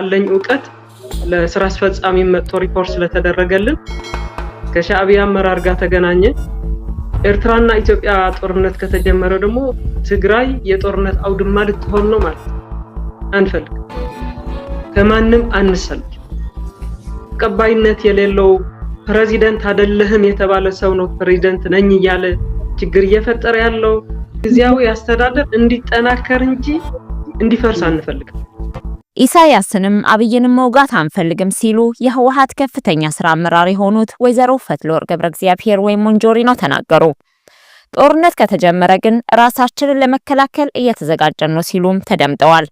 ባለኝ እውቀት ለስራ አስፈጻሚ መጥቶ ሪፖርት ስለተደረገልን ከሻዕቢያ አመራር ጋር ተገናኘ። ኤርትራና ኢትዮጵያ ጦርነት ከተጀመረ ደግሞ ትግራይ የጦርነት አውድማ ልትሆን ነው ማለት አንፈልግ፣ ከማንም አንሰልግ። ተቀባይነት የሌለው ፕሬዚደንት አይደለህም የተባለ ሰው ነው ፕሬዚደንት ነኝ እያለ ችግር እየፈጠረ ያለው ጊዜያዊ አስተዳደር እንዲጠናከር እንጂ እንዲፈርስ አንፈልግም። ኢሳያስንም አብይንም መውጋት አንፈልግም ሲሉ የህወሓት ከፍተኛ ስራ አመራር የሆኑት ወይዘሮ ፈትለወርቅ ገብረ እግዚአብሔር ወይም ሞንጆሪኖ ተናገሩ። ጦርነት ከተጀመረ ግን ራሳችንን ለመከላከል እየተዘጋጀን ነው ሲሉም ተደምጠዋል።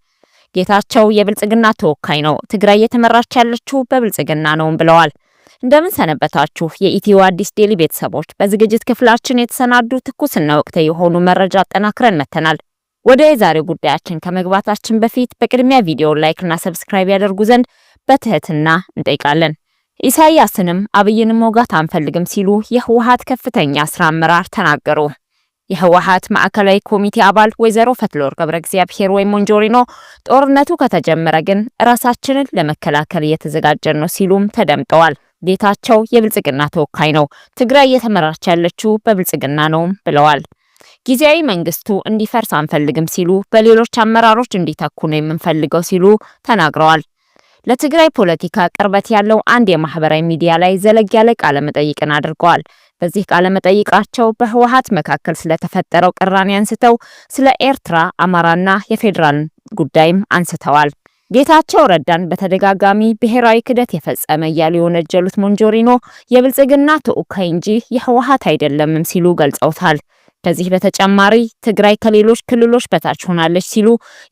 ጌታቸው የብልጽግና ተወካይ ነው፣ ትግራይ እየተመራች ያለችው በብልጽግና ነውም ብለዋል። እንደምን ሰነበታችሁ የኢትዮ አዲስ ዴሊ ቤተሰቦች፣ በዝግጅት ክፍላችን የተሰናዱ ትኩስና ወቅታዊ የሆኑ መረጃ አጠናክረን መተናል። ወደ የዛሬው ጉዳያችን ከመግባታችን በፊት በቅድሚያ ቪዲዮ ላይክና ሰብስክራይብ ያደርጉ ዘንድ በትህትና እንጠይቃለን። ኢሳያስንም አብይንም መውጋት አንፈልግም ሲሉ የህወሓት ከፍተኛ ስራ አመራር ተናገሩ። የህወሓት ማዕከላዊ ኮሚቴ አባል ወይዘሮ ፈትለወርቅ ገብረ እግዚአብሔር ወይም ሞንጆሪኖ ጦርነቱ ከተጀመረ ግን ራሳችንን ለመከላከል እየተዘጋጀን ነው ሲሉም ተደምጠዋል። ጌታቸው የብልጽግና ተወካይ ነው፣ ትግራይ እየተመራች ያለችው በብልጽግና ነውም ብለዋል። ጊዜያዊ መንግስቱ እንዲፈርስ አንፈልግም ሲሉ በሌሎች አመራሮች እንዲተኩ ነው የምንፈልገው ሲሉ ተናግረዋል። ለትግራይ ፖለቲካ ቅርበት ያለው አንድ የማህበራዊ ሚዲያ ላይ ዘለግ ያለ ቃለ መጠይቅን አድርገዋል። በዚህ ቃለ መጠይቃቸው በህወሓት መካከል ስለተፈጠረው ቅራኔ አንስተው ስለ ኤርትራ፣ አማራና የፌዴራል ጉዳይም አንስተዋል። ጌታቸው ረዳን በተደጋጋሚ ብሔራዊ ክደት የፈጸመ እያሉ የወነጀሉት ሞንጆሪኖ የብልጽግና ተወካይ እንጂ የህወሓት አይደለምም ሲሉ ገልጸውታል። ከዚህ በተጨማሪ ትግራይ ከሌሎች ክልሎች በታች ሆናለች ሲሉ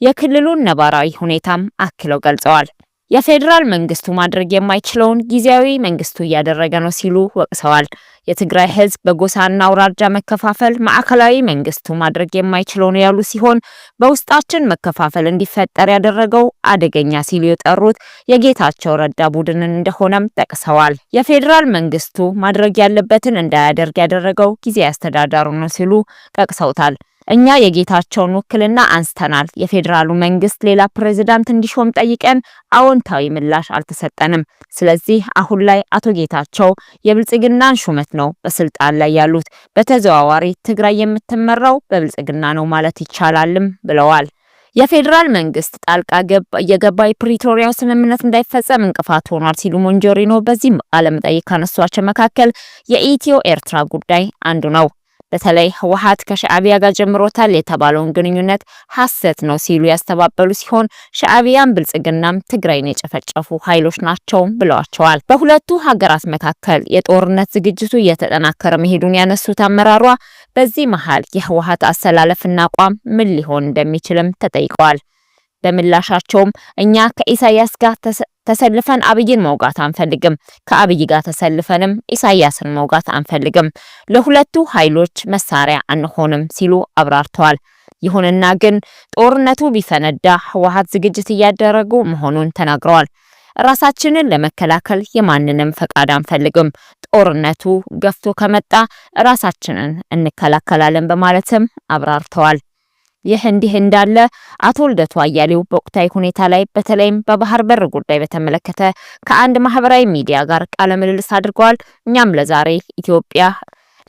የክልሉን ነባራዊ ሁኔታም አክለው ገልጸዋል። የፌዴራል መንግስቱ ማድረግ የማይችለውን ጊዜያዊ መንግስቱ እያደረገ ነው ሲሉ ወቅሰዋል። የትግራይ ህዝብ በጎሳና አውራጃ መከፋፈል ማዕከላዊ መንግስቱ ማድረግ የማይችለው ነው ያሉ ሲሆን በውስጣችን መከፋፈል እንዲፈጠር ያደረገው አደገኛ ሲሉ የጠሩት የጌታቸው ረዳ ቡድንን እንደሆነም ጠቅሰዋል። የፌዴራል መንግስቱ ማድረግ ያለበትን እንዳያደርግ ያደረገው ጊዜያዊ አስተዳደሩ ነው ሲሉ ጠቅሰውታል። እኛ የጌታቸውን ውክልና አንስተናል። የፌዴራሉ መንግስት ሌላ ፕሬዝዳንት እንዲሾም ጠይቀን አዎንታዊ ምላሽ አልተሰጠንም። ስለዚህ አሁን ላይ አቶ ጌታቸው የብልጽግናን ሹመት ነው በስልጣን ላይ ያሉት፣ በተዘዋዋሪ ትግራይ የምትመራው በብልጽግና ነው ማለት ይቻላልም ብለዋል። የፌዴራል መንግስት ጣልቃ የገባ የፕሪቶሪያው ስምምነት እንዳይፈጸም እንቅፋት ሆኗል ሲሉ ሞንጆሪኖ በዚህም ቃለመጠይቅ ካነሷቸው መካከል የኢትዮ ኤርትራ ጉዳይ አንዱ ነው። በተለይ ህወሓት ከሻዕቢያ ጋር ጀምሮታል የተባለውን ግንኙነት ሐሰት ነው ሲሉ ያስተባበሉ ሲሆን ሻዕቢያም ብልጽግናም ትግራይን የጨፈጨፉ ኃይሎች ናቸው ብለዋቸዋል። በሁለቱ ሀገራት መካከል የጦርነት ዝግጅቱ እየተጠናከረ መሄዱን ያነሱት አመራሯ በዚህ መሃል የህወሓት አሰላለፍና አቋም ምን ሊሆን እንደሚችልም ተጠይቀዋል። በምላሻቸውም እኛ ከኢሳያስ ጋር ተሰልፈን አብይን መውጋት አንፈልግም። ከአብይ ጋር ተሰልፈንም ኢሳያስን መውጋት አንፈልግም። ለሁለቱ ኃይሎች መሳሪያ አንሆንም ሲሉ አብራርተዋል። ይሁንና ግን ጦርነቱ ቢፈነዳ ህወሓት ዝግጅት እያደረጉ መሆኑን ተናግረዋል። ራሳችንን ለመከላከል የማንንም ፈቃድ አንፈልግም። ጦርነቱ ገፍቶ ከመጣ ራሳችንን እንከላከላለን በማለትም አብራርተዋል። ይህ እንዲህ እንዳለ አቶ ልደቱ አያሌው በወቅታዊ ሁኔታ ላይ በተለይም በባህር በር ጉዳይ በተመለከተ ከአንድ ማህበራዊ ሚዲያ ጋር ቃለ ምልልስ አድርገዋል። እኛም ለዛሬ ኢትዮጵያ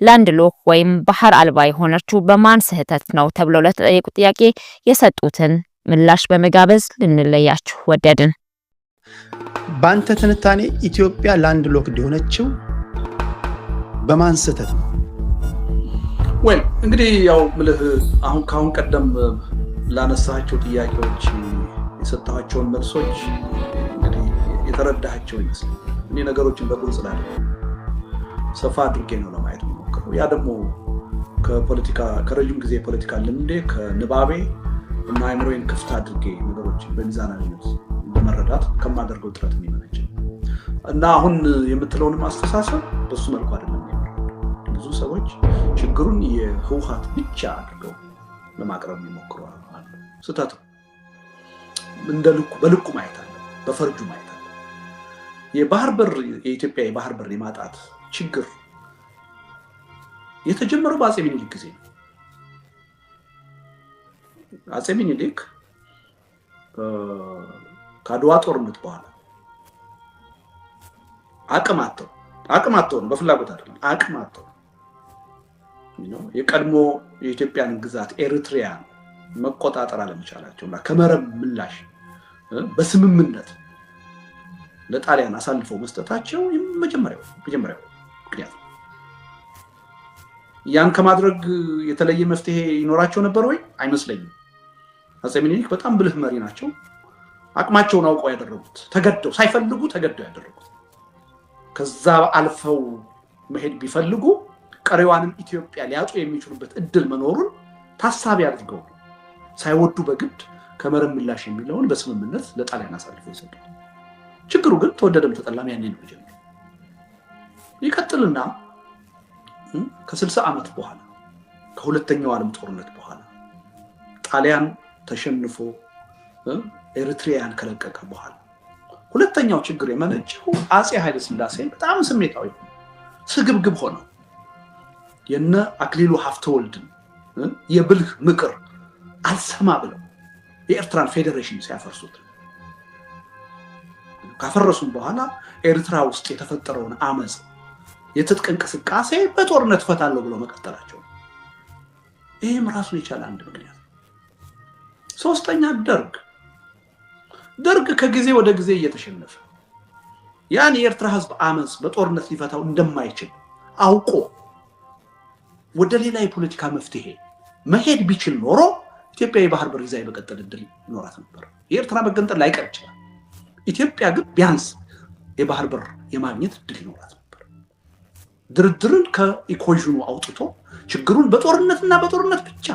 ላንድ ሎክ ወይም ባህር አልባ የሆነችው በማን ስህተት ነው ተብሎ ለተጠየቁ ጥያቄ የሰጡትን ምላሽ በመጋበዝ ልንለያችሁ ወደድን። በአንተ ትንታኔ ኢትዮጵያ ላንድ ሎክ የሆነችው በማን ስህተት ነው? ወይ እንግዲህ ያው ምልህ አሁን ከአሁን ቀደም ላነሳቸው ጥያቄዎች የሰጠኋቸውን መልሶች እንግዲህ የተረዳሃቸው ይመስላል። እኔ ነገሮችን በቁንጽ ላይ ሰፋ አድርጌ ነው ለማየት ሞክረው። ያ ደግሞ ከፖለቲካ ከረዥም ጊዜ የፖለቲካ ልምዴ ከንባቤ እና አይምሮዬን ክፍት አድርጌ ነገሮች በሚዛናዊነት ለመረዳት ከማደርገው ጥረት የሚመነጭ እና አሁን የምትለውንም አስተሳሰብ በሱ መልኩ አይደለም ሰዎች ችግሩን የህወሓት ብቻ አድርገው ለማቅረብ የሚሞክሩ አሉ። ስህተት እንደ ልኩ በልኩ ማየት አለ፣ በፈርጁ ማየት አለ። የባህር በር የኢትዮጵያ የባህር በር የማጣት ችግር የተጀመረው በአፄ ሚኒሊክ ጊዜ ነው። አፄ ሚኒሊክ ከአድዋ ጦርነት በኋላ አቅም አጥተው አቅም አጥተው ነው፣ በፍላጎት አይደለም፣ አቅም አጥተው የቀድሞ የኢትዮጵያን ግዛት ኤሪትሪያ መቆጣጠር አለመቻላቸው እና ከመረብ ምላሽ በስምምነት ለጣሊያን አሳልፈው መስጠታቸው መጀመሪያው ምክንያት ነው። ያን ከማድረግ የተለየ መፍትሄ ይኖራቸው ነበር ወይ? አይመስለኝም። አፄ ሚኒሊክ በጣም ብልህ መሪ ናቸው። አቅማቸውን አውቀው ያደረጉት ተገደው ሳይፈልጉ ተገደው ያደረጉት ከዛ አልፈው መሄድ ቢፈልጉ ቀሪዋንም ኢትዮጵያ ሊያጡ የሚችሉበት እድል መኖሩን ታሳቢ አድርገው ሳይወዱ በግድ ከመረብ ምላሽ የሚለውን በስምምነት ለጣሊያን አሳልፎ ይሰጡ። ችግሩ ግን ተወደደም ተጠላም ያኔ ነው ጀ ይቀጥልና ከስልሳ ዓመት በኋላ ከሁለተኛው ዓለም ጦርነት በኋላ ጣሊያን ተሸንፎ ኤሪትሪያን ከለቀቀ በኋላ ሁለተኛው ችግር የመነጨው አፄ ኃይለስላሴን በጣም ስሜታዊ ስግብግብ ሆነው የነ አክሊሉ ሀፍተወልድን የብልህ ምክር አልሰማ ብለው የኤርትራን ፌዴሬሽን ሲያፈርሱት ካፈረሱም በኋላ ኤርትራ ውስጥ የተፈጠረውን አመፅ የትጥቅ እንቅስቃሴ በጦርነት ፈታለሁ ብሎ መቀጠላቸው ይህም ራሱን የቻለ አንድ ምክንያት። ሶስተኛ ደርግ ደርግ ከጊዜ ወደ ጊዜ እየተሸነፈ ያን የኤርትራ ህዝብ አመፅ በጦርነት ሊፈታው እንደማይችል አውቆ ወደ ሌላ የፖለቲካ መፍትሄ መሄድ ቢችል ኖሮ ኢትዮጵያ የባህር በር ይዛ የመቀጠል እድል ይኖራት ነበር። የኤርትራ መገንጠል ላይቀር ይችላል። ኢትዮጵያ ግን ቢያንስ የባህር በር የማግኘት እድል ይኖራት ነበር። ድርድርን ከኢኮዥኑ አውጥቶ ችግሩን በጦርነትና በጦርነት ብቻ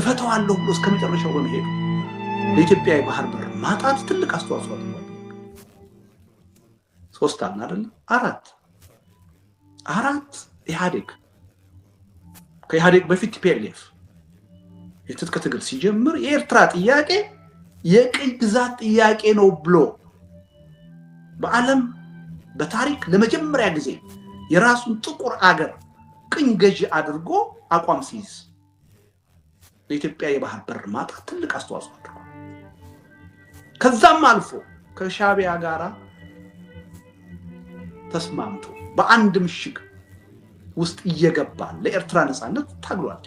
እፈተዋለሁ ብሎ እስከ መጨረሻው በመሄዱ ለኢትዮጵያ የባህር በር ማጣት ትልቅ አስተዋጽኦ አድርጓል። ሶስት አልን አይደለም አራት አራት ኢህአዴግ ከኢህአዴግ በፊት ቲፒኤልኤፍ የትጥቅ ትግል ሲጀምር የኤርትራ ጥያቄ የቅኝ ግዛት ጥያቄ ነው ብሎ በዓለም በታሪክ ለመጀመሪያ ጊዜ የራሱን ጥቁር አገር ቅኝ ገዢ አድርጎ አቋም ሲይዝ ለኢትዮጵያ የባህር በር ማጣት ትልቅ አስተዋጽኦ አድርጓል። ከዛም አልፎ ከሻቢያ ጋራ ተስማምቶ በአንድ ምሽግ ውስጥ እየገባ ለኤርትራ ነፃነት ታግሏል።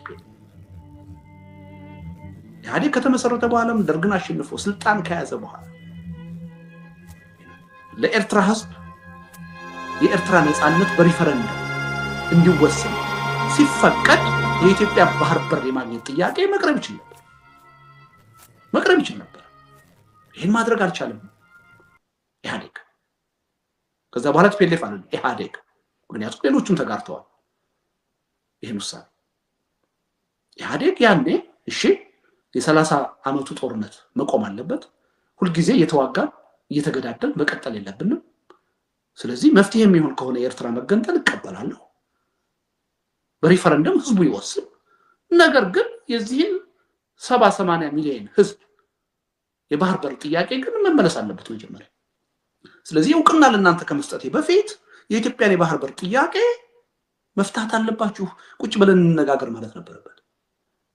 ኢህአዴግ ከተመሰረተ በኋላም ደርግን አሸንፎ ስልጣን ከያዘ በኋላ ለኤርትራ ህዝብ የኤርትራ ነፃነት በሪፈረንደም እንዲወሰን ሲፈቀድ የኢትዮጵያ ባህር በር የማግኘት ጥያቄ መቅረብ ይችል ነበር መቅረብ ይችል ነበር። ይህን ማድረግ አልቻለም ኢህአዴግ። ከዛ በኋላ ትፔሌፍ አለ ኢህአዴግ። ምክንያቱም ሌሎቹም ተጋርተዋል። ይህን ውሳኔ ኢህአዴግ ያኔ እሺ የሰላሳ ዓመቱ ጦርነት መቆም አለበት። ሁልጊዜ እየተዋጋን እየተገዳደል መቀጠል የለብንም። ስለዚህ መፍትሄ የሚሆን ከሆነ የኤርትራ መገንጠል እቀበላለሁ፣ በሪፈረንደም ህዝቡ ይወስን። ነገር ግን የዚህን ሰባ ሰማንያ ሚሊዮን ህዝብ የባህር በር ጥያቄ ግን መመለስ አለበት መጀመሪያ። ስለዚህ እውቅና ለእናንተ ከመስጠቴ በፊት የኢትዮጵያን የባህር በር ጥያቄ መፍታት አለባችሁ፣ ቁጭ ብለን እንነጋገር ማለት ነበረበት።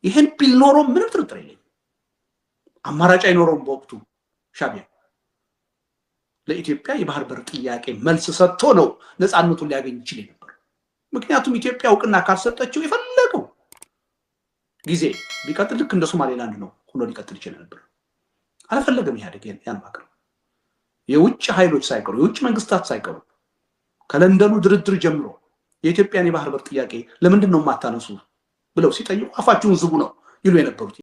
ይህን ቢል ኖሮ ምንም ጥርጥር የለኝ አማራጭ አይኖረውም። በወቅቱ ሻቢያ ለኢትዮጵያ የባህር በር ጥያቄ መልስ ሰጥቶ ነው ነፃነቱን ሊያገኝ ይችል የነበረው ምክንያቱም ኢትዮጵያ እውቅና ካልሰጠችው የፈለገው ጊዜ ቢቀጥል ልክ እንደ ሶማሌላንድ ነው ሆኖ ሊቀጥል ይችል ነበር። አልፈለገም ኢህአዴግ ያን ማቅር የውጭ ኃይሎች ሳይቀሩ የውጭ መንግስታት ሳይቀሩ ከለንደኑ ድርድር ጀምሮ የኢትዮጵያን የባህር በር ጥያቄ ለምንድን ነው የማታነሱ ብለው ሲጠይቁ አፋችሁን ዝቡ ነው ይሉ የነበሩት